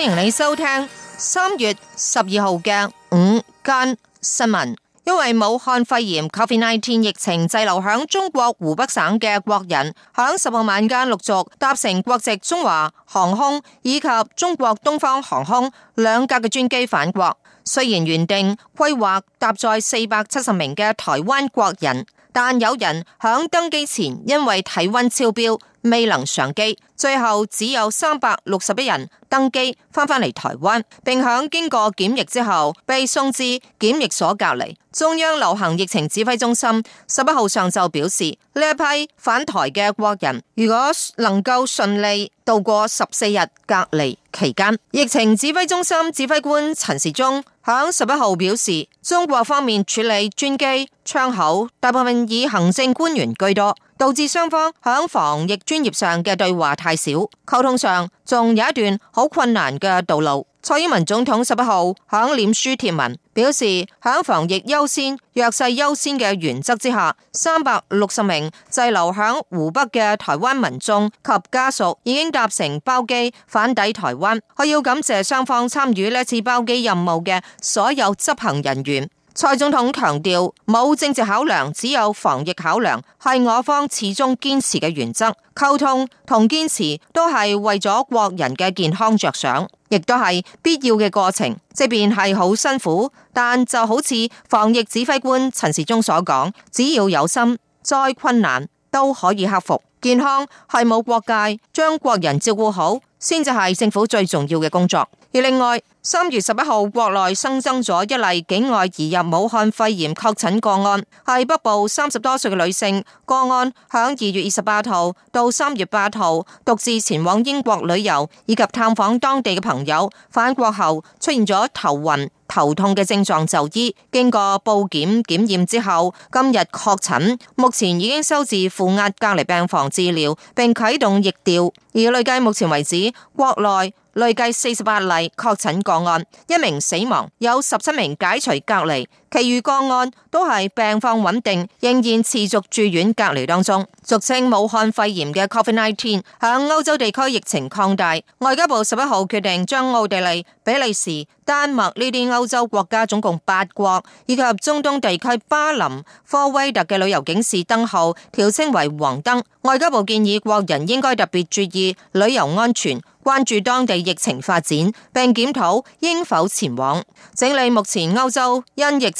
歡迎你收聽三月十二號嘅午間新聞。因為武漢肺炎 （COVID-19） 疫情滯留響中國湖北省嘅國人，響十號晚間陸續搭乘國籍中華航空以及中國東方航空兩架嘅專機返國。雖然原定規劃搭載四百七十名嘅台灣國人，但有人響登機前因為體温超標。未能上機，最後只有三百六十一人登機翻返嚟台灣，並響經過檢疫之後被送至檢疫所隔離。中央流行疫情指揮中心十一號上晝表示，呢一批返台嘅國人如果能夠順利度過十四日隔離期間，疫情指揮中心指揮官陳時中響十一號表示，中國方面處理專機窗口大部分以行政官員居多。導致雙方喺防疫專業上嘅對話太少，溝通上仲有一段好困難嘅道路。蔡英文總統十一號響臉書貼文表示，喺防疫優先、弱勢優先嘅原則之下，三百六十名滯留喺湖北嘅台灣民眾及家屬已經搭乘包機返抵台灣。我要感謝雙方參與呢次包機任務嘅所有執行人員。蔡總統強調，冇政治考量，只有防疫考量，係我方始終堅持嘅原則。溝通同堅持都係為咗國人嘅健康着想，亦都係必要嘅過程。即便係好辛苦，但就好似防疫指揮官陳時中所講，只要有心，再困難都可以克服。健康係冇國界，將國人照顧好，先至係政府最重要嘅工作。而另外，三月十一號國內新增咗一例境外移入武漢肺炎確診個案，係北部三十多歲嘅女性。個案響二月二十八號到三月八號獨自前往英國旅遊以及探訪當地嘅朋友，返國後出現咗頭暈、頭痛嘅症狀就醫，經過報檢檢驗之後，今日確診，目前已經收治負壓隔離病房治療，並啟動疫調。而累計目前為止，國內，累計四十八例確診個案，一名死亡，有十七名解除隔離。其餘個案都係病況穩定，仍然持續住院隔離當中。俗稱武漢肺炎嘅 COVID-19 響歐洲地區疫情擴大，外交部十一號決定將奧地利、比利時、丹麥呢啲歐洲國家總共八國以及中東地區巴林、科威特嘅旅遊警示燈號調升為黃燈。外交部建議國人應該特別注意旅遊安全，關注當地疫情發展，並檢討應否前往。整理目前歐洲因疫。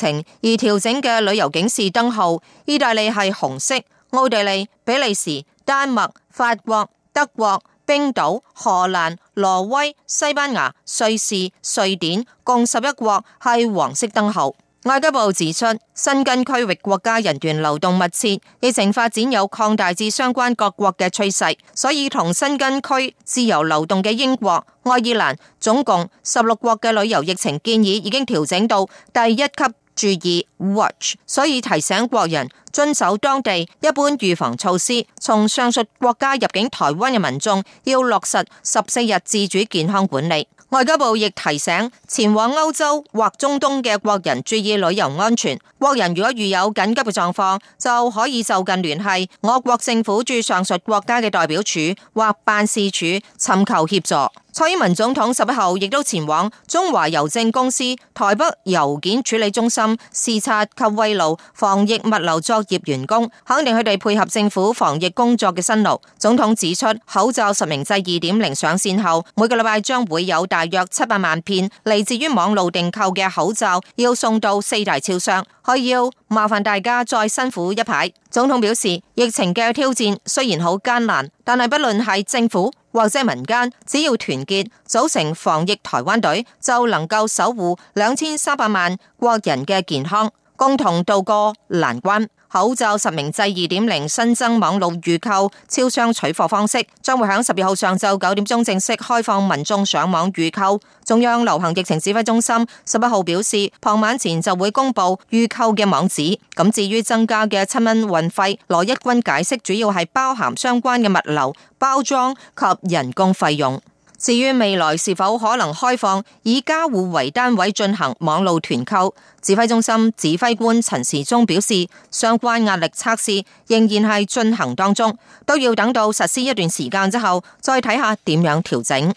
而調整嘅旅遊警示燈號，意大利係紅色；奧地利、比利時、丹麥、法國、德國、冰島、荷蘭、挪威、西班牙、瑞士、瑞典共十一國係黃色燈號。外交部指出，申根區域國家人員流動密切，疫情發展有擴大至相關各國嘅趨勢，所以同申根區自由流動嘅英國、愛爾蘭總共十六國嘅旅遊疫情建議已經調整到第一級。注意 watch，所以提醒國人遵守當地一般預防措施。從上述國家入境台灣嘅民眾要落實十四日自主健康管理。外交部亦提醒前往歐洲或中東嘅國人注意旅遊安全。國人如果遇有緊急嘅狀況，就可以就近聯繫我國政府駐上述國家嘅代表處或辦事處，尋求協助。蔡英文總統十一號亦都前往中華郵政公司台北郵件處理中心視察及慰勞防疫物流作業員工，肯定佢哋配合政府防疫工作嘅辛勞。總統指出，口罩實名制二點零上線後，每個禮拜將會有大約七百萬片嚟自於網路訂購嘅口罩要送到四大超商，要麻煩大家再辛苦一排。總統表示，疫情嘅挑戰雖然好艱難，但係不論係政府。或者民間只要團結組成防疫台灣隊，就能夠守護兩千三百萬國人嘅健康，共同渡過難關。口罩實名制二點零新增網絡預購、超商取貨方式，將會喺十二號上晝九點鐘正式開放民眾上網預購。中央流行疫情指揮中心十一號表示，傍晚前就會公布預購嘅網址。咁至於增加嘅七蚊運費，羅一君解釋，主要係包含相關嘅物流、包裝及人工費用。至於未來是否可能開放以家戶為單位進行網路團購，指揮中心指揮官陳時中表示，相關壓力測試仍然係進行當中，都要等到實施一段時間之後再睇下點樣調整。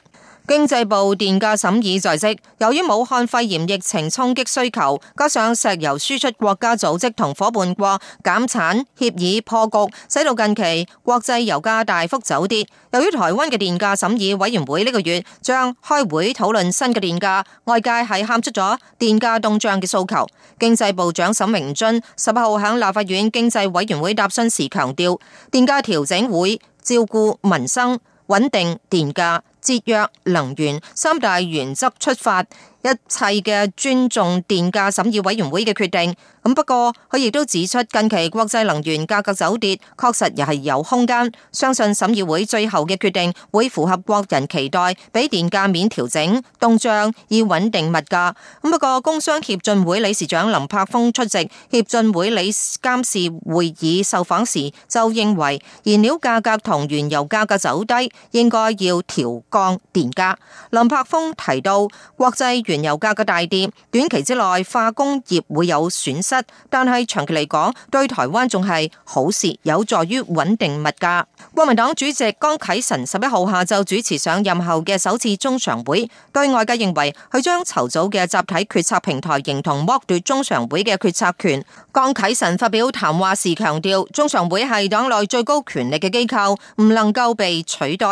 經濟部電價審議在即，由於武漢肺炎疫情衝擊需求，加上石油輸出國家組織同伙伴國減產協議破局，使到近期國際油價大幅走跌。由於台灣嘅電價審議委員會呢個月將開會討論新嘅電價，外界係喊出咗電價凍漲嘅訴求。經濟部長沈明津十八號喺立法院經濟委員會答詢時強調，電價調整會照顧民生，穩定電價。節約能源三大原則出發，一切嘅尊重電價審議委員會嘅決定。咁不過佢亦都指出，近期國際能源價格走跌，確實又係有空間。相信審議會最後嘅決定會符合國人期待，俾電價免調整，凍漲以穩定物價。咁不過工商協進會理事長林柏峰出席協進會理監事會議受訪時就認為，燃料價格同原油價格走低應該要調。降電價。林柏峰提到，國際原油價格大跌，短期之內化工業會有損失，但係長期嚟講，對台灣仲係好事，有助於穩定物價。國民黨主席江啟臣十一號下晝主持上任後嘅首次中常會，對外界認為佢將籌組嘅集體決策平台，形同剝奪中常會嘅決策權。江啟臣發表談話時強調，中常會係黨內最高權力嘅機構，唔能夠被取代。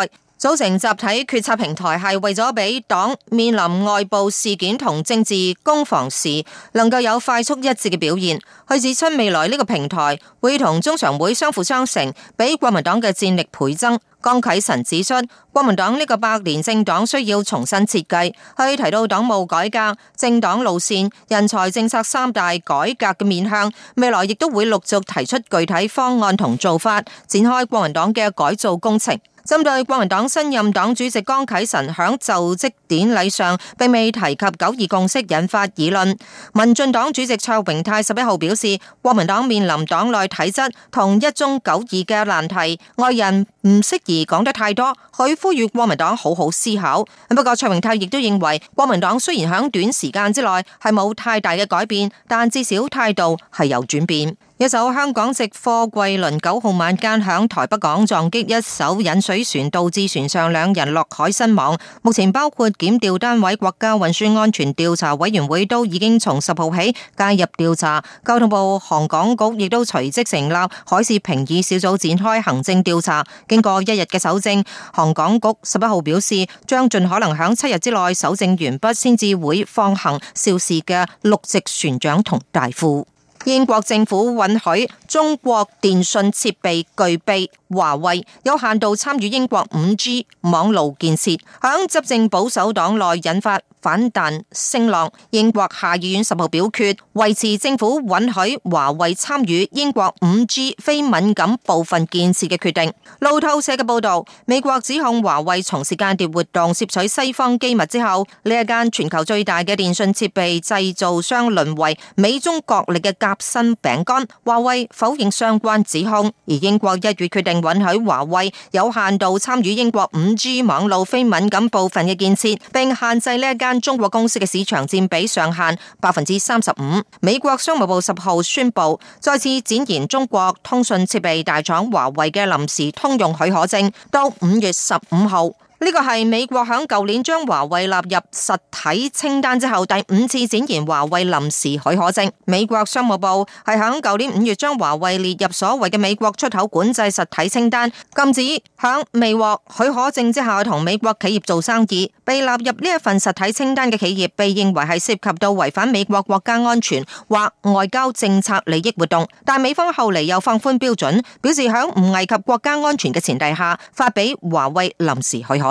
組成集體決策平台係為咗俾黨面臨外部事件同政治攻防時，能夠有快速一致嘅表現。佢指出，未來呢個平台會同中常會相輔相成，俾國民黨嘅戰力倍增。江啟臣指出，國民黨呢個百年政黨需要重新設計。佢提到黨務改革、政黨路線、人才政策三大改革嘅面向，未來亦都會陸續提出具體方案同做法，展開國民黨嘅改造工程。針對國民黨新任黨主席江啟臣響就職典禮上並未提及九二共識，引發議論。民進黨主席蔡榮泰十一號表示，國民黨面臨黨內體質同一中九二嘅難題，外人唔適宜講得太多，佢呼籲國民黨好好思考。不過蔡榮泰亦都認為，國民黨雖然響短時間之內係冇太大嘅改變，但至少態度係有轉變。一艘香港籍貨櫃輪九號晚間響台北港撞擊一艘引水船，導致船上兩人落海身亡。目前包括檢調單位、國家運輸安全調查委員會都已經從十號起介入調查，交通部航港局亦都隨即成立海事評議小組展開行政調查。經過一日嘅搜證，航港局十一號表示將盡可能響七日之內搜證完畢，先至會放行肇事嘅陸籍船長同大副。英國政府允許中國電信設備巨擘華為有限度參與英國 5G 網路建設，響執政保守黨內引發反彈聲浪，英國下議院十號表決維持政府允許華為參與英國五 G 非敏感部分建設嘅決定。路透社嘅報道，美國指控華為從事間諜活動、竊取西方機密之後，呢一間全球最大嘅電訊設備製造商淪為美中角力嘅夾心餅乾。華為否認相關指控，而英國一月決定允許華為有限度參與英國五 G 網絡非敏感部分嘅建設，並限制呢一間。中國公司嘅市場占比上限百分之三十五。美國商務部十號宣布，再次展延中國通訊設備大廠華為嘅臨時通用許可證到五月十五號。呢個係美國響舊年將華為納入實體清單之後第五次展現華為臨時許可證。美國商務部係響舊年五月將華為列入所謂嘅美國出口管制實體清單，禁止響未獲許可證之下同美國企業做生意。被納入呢一份實體清單嘅企業被認為係涉及到違反美國國家安全或外交政策利益活動。但美方後嚟又放寬標準，表示響唔危及國家安全嘅前提下發俾華為臨時許可。